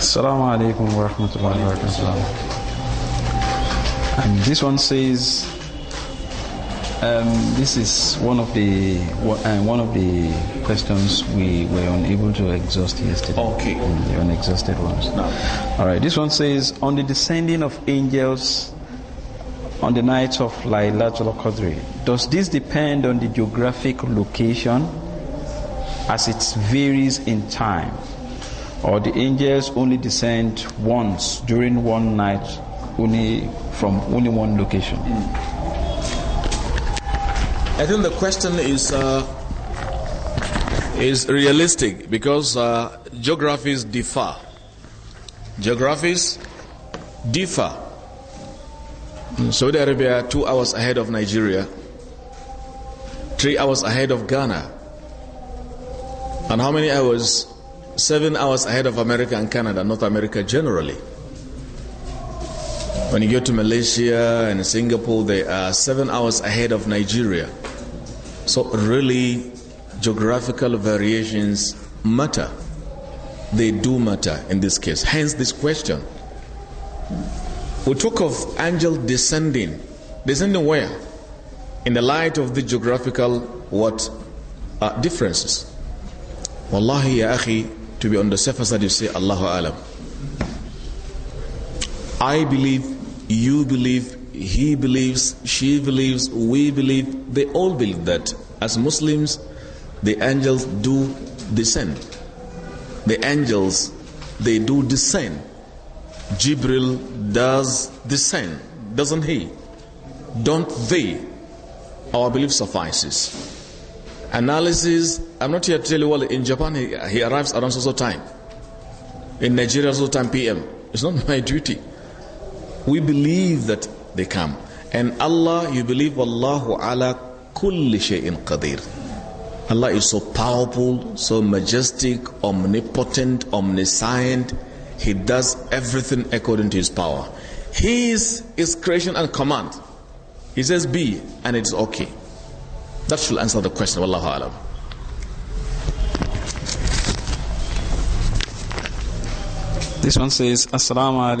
Assalamu alaikum wa rahmatullahi wa barakatuh. And this one says, um, this is one of the uh, one of the questions we were unable to exhaust yesterday. Okay. Mm, the unexhausted ones. No. All right. This one says, on the descending of angels on the night of Laylatul Qadr, does this depend on the geographic location, as it varies in time? or the angels only descend once during one night only from only one location i think the question is uh, is realistic because uh, geographies differ geographies differ saudi arabia two hours ahead of nigeria three hours ahead of ghana and how many hours seven hours ahead of America and Canada, North America generally. When you go to Malaysia and Singapore, they are seven hours ahead of Nigeria. So, really, geographical variations matter. They do matter in this case. Hence, this question. We talk of angel descending. Descending where? In the light of the geographical what uh, differences. Wallahi ya akhi, to be on the surface that you say Allahu Alam. I believe, you believe, he believes, she believes, we believe, they all believe that. As Muslims, the angels do descend. The angels, they do descend. Jibril does descend, doesn't he? Don't they? Our belief suffices analysis. I'm not here to tell you, well, in Japan, he, he arrives around so, time. In Nigeria, so time PM. It's not my duty. We believe that they come. And Allah, you believe, Wallahu ala kulli shay'in qadir. Allah is so powerful, so majestic, omnipotent, omniscient. He does everything according to His power. His is creation and command. He says, Be, and it's okay. That should answer the question. Wallahu alam. This one says, Assalamu alaikum.